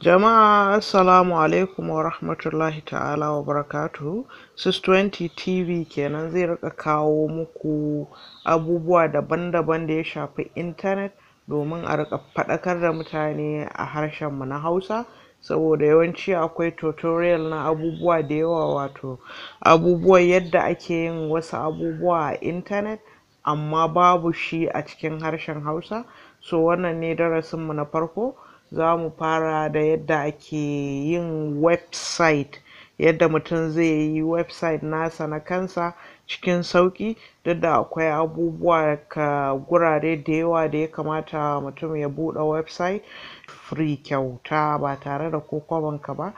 Jama'a Assalamu alaikum wa rahmatullahi ta'ala wa barakatu, 620 TV kenan zai rika kawo muku abubuwa daban-daban da ya shafi intanet domin a rika faɗakar da mutane a mu na Hausa saboda yawanci akwai tutorial na abubuwa da yawa wato abubuwan yadda ake yin wasu abubuwa a intanet amma babu shi a cikin harshen Hausa so wannan ne darasinmu na farko. za mu fara da yadda ake yin website yadda mutum zai yi website nasa na kansa cikin sauƙi duk da akwai abubuwa ka gurare da yawa da ya kamata mutum ya buɗe website free kyauta ba tare da kokobanka ba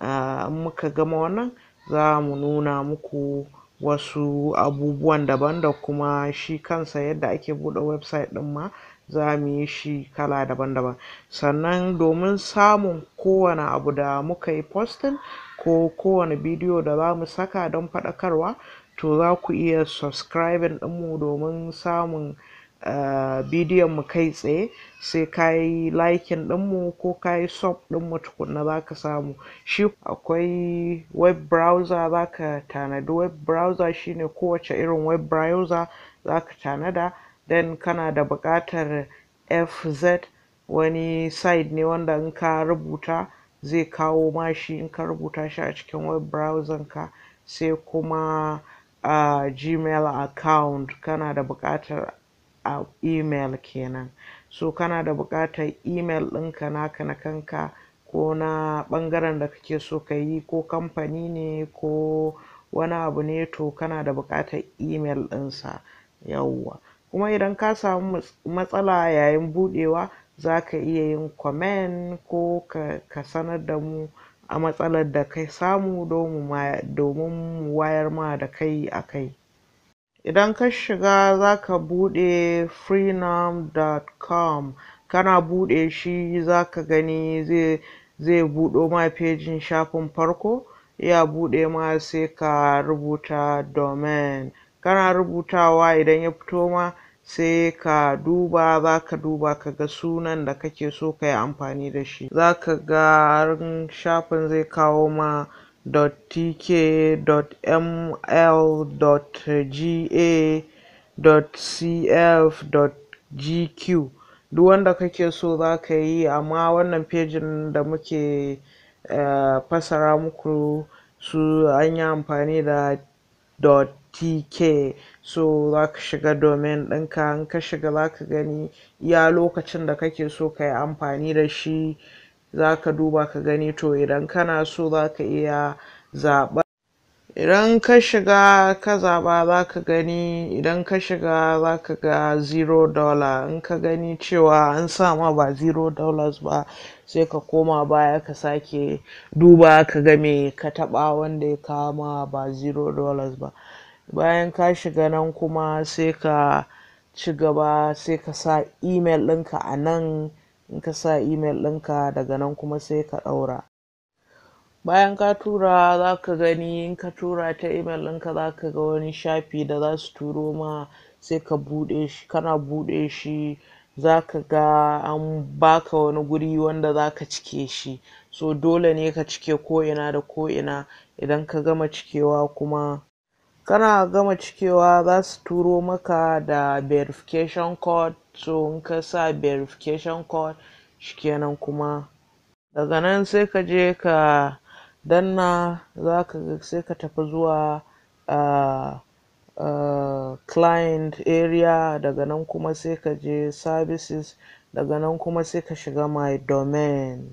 ah, in muka gama wannan za mu nuna muku wasu abubuwan daban da kuma shi kansa yadda ake buɗe website ɗin ma za mu yi shi kala daban-daban sannan domin samun kowane abu da muka yi posting ko kowane bidiyo da za mu saka don faɗakarwa to za ku iya subscribing ɗinmu domin samun bidiyon mu kai tsaye sai kayi yi likin ɗinmu ko kayi yi sub mu tukunna zaka samu shi akwai web browser zaka ka tanadi web browser shine kowace irin web browser za tanada then kana da buƙatar fz wani site ne wanda in ka rubuta zai kawo ma shi in ka rubuta shi a cikin web browser ka sai kuma uh, gmail account kana da buƙatar a email kenan so kana da bukatar email ɗinka naka na kanka ko na ɓangaren da kake so ka yi ko kamfani ne ko wani abu ne to kana da buƙatar email ɗinsa yawwa kuma idan ka samu matsala yayin buɗewa za ka iya yin comment ko ka sanar da mu a matsalar da ka samu domin mu wayar ma da kai a kai idan ka shiga za ka buɗe freenom.com kana buɗe shi za ka gani zai zai buɗo ma fejin shafin farko ya buɗe ma sai ka rubuta domain kana rubutawa idan ya fito ma sai ka duba za ka duba ka ga sunan da kake so ka yi amfani da shi za ka ga shafin zai kawo ma www.tk.ml.ga.cf.gq duk wanda kake so za ka yi amma wannan fejin da muke eh, fasara muku su an yi amfani da .tk so za ka shiga domin ɗinka in ka shiga za ka gani iya lokacin da kake so ka yi amfani da shi za ka duba ka gani to idan kana so za ka iya zaɓa idan ka shiga ka zaɓa za ka gani idan ka shiga za ka ga zero dollar in ka gani cewa an ma ba zero dollars ba sai ka koma baya ka sake duba ka ga me ka taɓa wanda ya kama ba zero dollars ba bayan ka shiga nan kuma sai ka ci gaba sai ka sa email ɗinka a nan in ka sa email ɗinka daga nan kuma sai ka ɗaura bayan ka tura za ka gani in ka tura ta email ɗinka za ka ga wani shafi da za su turo ma sai ka buɗe shi kana buɗe shi za ka ga an baka wani guri wanda za ka cike shi so dole ne ka cike ko ina da ko ina idan ka gama cikewa kuma kana gama cikewa za su turo maka da verification code so in ka sa verification code shikenan kuma daga nan sai ka je ka danna za ka sai ka tafi zuwa uh, uh, client area daga nan kuma sai ka je services daga nan kuma sai ka shiga my domain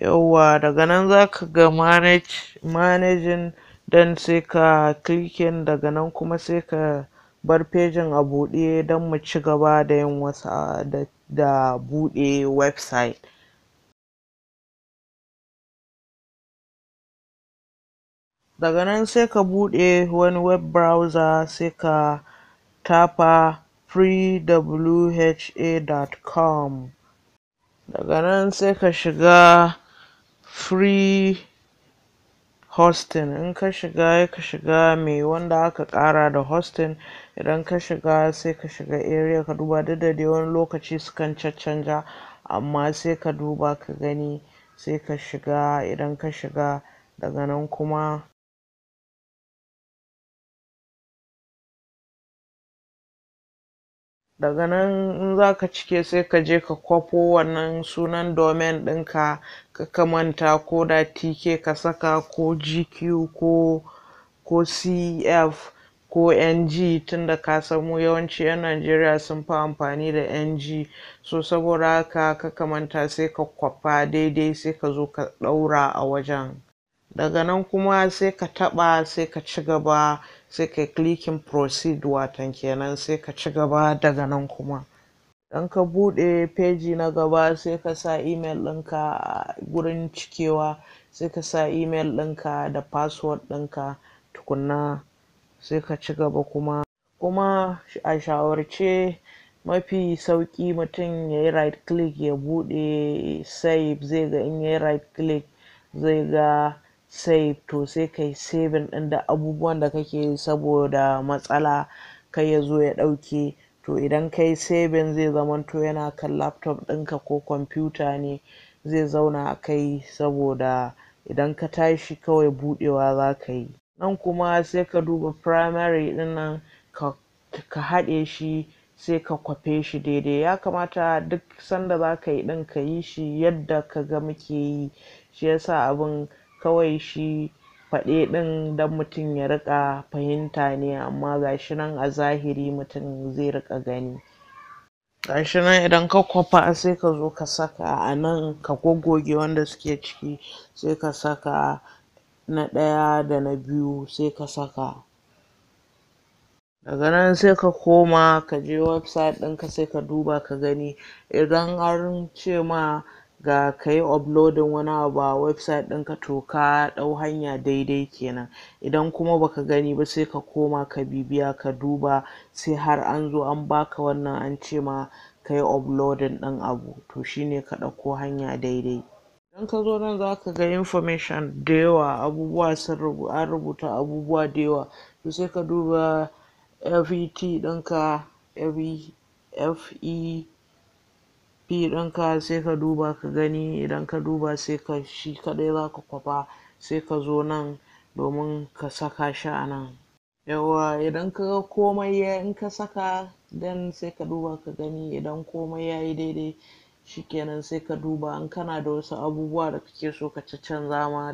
yauwa daga nan za ka ga manage don sai ka clicking daga nan kuma sai ka bar pejin a buɗe don mu ci gaba da yin wasa da, da buɗe website daga nan sai ka buɗe wani web browser sai ka tafa freewha.com daga nan sai ka shiga free hosting in ka shiga ka shiga mai wanda aka kara da hosting idan ka shiga sai ka shiga area ka duba duk da dai wani lokaci sukan caccanja amma sai ka duba ka gani sai ka shiga idan ka shiga daga nan kuma daga nan in za ka cike sai ka je ka kwafo wannan sunan domain ɗinka ka kamanta ko da tk ka saka ko gq ko ko cf ko ng tunda ka samu yawanci 'yan najeriya sun fi amfani da ng so saboda haka ka kamanta sai ka kwafa daidai sai ka zo ka ɗaura a wajen daga nan kuma sai ka taɓa sai ka ci gaba sai ka clicking proceed watan kenan sai ka ci gaba daga nan kuma dan ka bude peji na gaba sai ka sa email ɗinka a gurin cikewa sai ka sa email ɗinka da password ɗinka tukunna sai ka ci gaba kuma kuma a shawarce mafi sauki mutum ya yi right click ya bude save zai ga in ya yi right click zai ga save to sai kai saving ɗin da abubuwan da kake saboda matsala kai ya zo ya ɗauke to idan kai saving zai zamanto yana kan laptop ɗinka ko kwamfuta ne zai zauna a kai saboda idan ka tashi kawai buɗewa za ka yi nan kuma sai ka duba primary ɗin nan ka, haɗe shi sai ka kwafe shi daidai ya kamata duk sanda za ka yi ɗin ka yi shi yadda ka ga muke yi shi yasa abin kawai shi faɗe ɗin don mutum ya riƙa fahimta ne amma ga shi nan a zahiri mutum zai riƙa gani ga shi nan idan ka kwafa sai ka zo ka saka a nan ka goggoge wanda suke ciki sai ka saka na ɗaya da na biyu sai ka saka daga nan sai ka koma ka je website ɗinka sai ka duba ka gani idan an ce ma ga ka yi uploading wani abu a website ɗinka to ka ɗau hanya daidai kenan idan kuma baka gani ba sai ka koma ka bibiya ka duba sai har an zo an baka wannan an ce ma ka yi uploading ɗin abu to shine ka ɗauko hanya daidai idan ka zo nan za ka ga information da yawa abubuwa sun rubu an rubuta abubuwa da yawa to sai ka duba fet ɗinka fe fi ɗinka sai ka duba ka gani idan ka duba sai ka shi kaɗai za ka kwafa sai ka zo nan domin ka saka shi a nan yawa idan ka ga komai ya in ka saka dan sai ka duba ka gani idan komai ya yi daidai shikenan sai ka duba in kana da wasu abubuwa da kake so ka canza ma.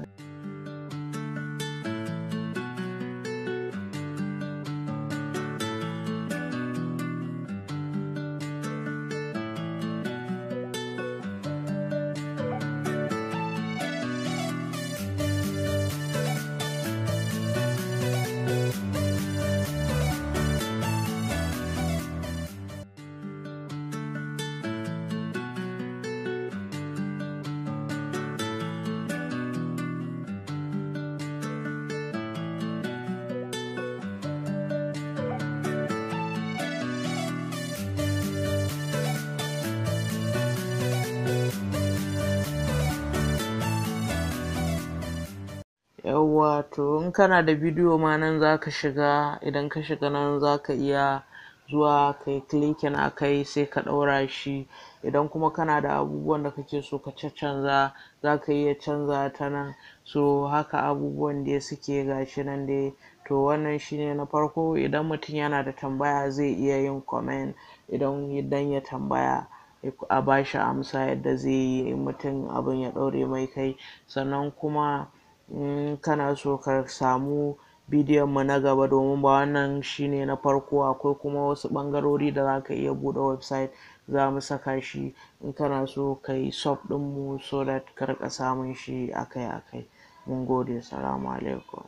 yawwa to in kana da bidiyo ma nan zaka shiga idan ka shiga nan zaka iya zuwa kai clicking a kai sai ka ɗaura shi idan kuma kana da abubuwan da kake so ka caccanza zaka iya canza ta nan so haka abubuwan dai suke ga shi nan dai to wannan shi ne na farko idan mutum yana da tambaya zai iya yin comment idan dan ya tambaya a ba shi amsa yadda zai yi in mutum abin ya ɗaure mai kai sannan kuma in kana so ka samu bidiyon mu na gaba domin ba wannan shine na farko akwai kuma wasu ɓangarori da za ka iya buɗe website za mu saka shi in kana so ka yi din ɗin so that ka samun shi akai-akai mun gode salamu alaikum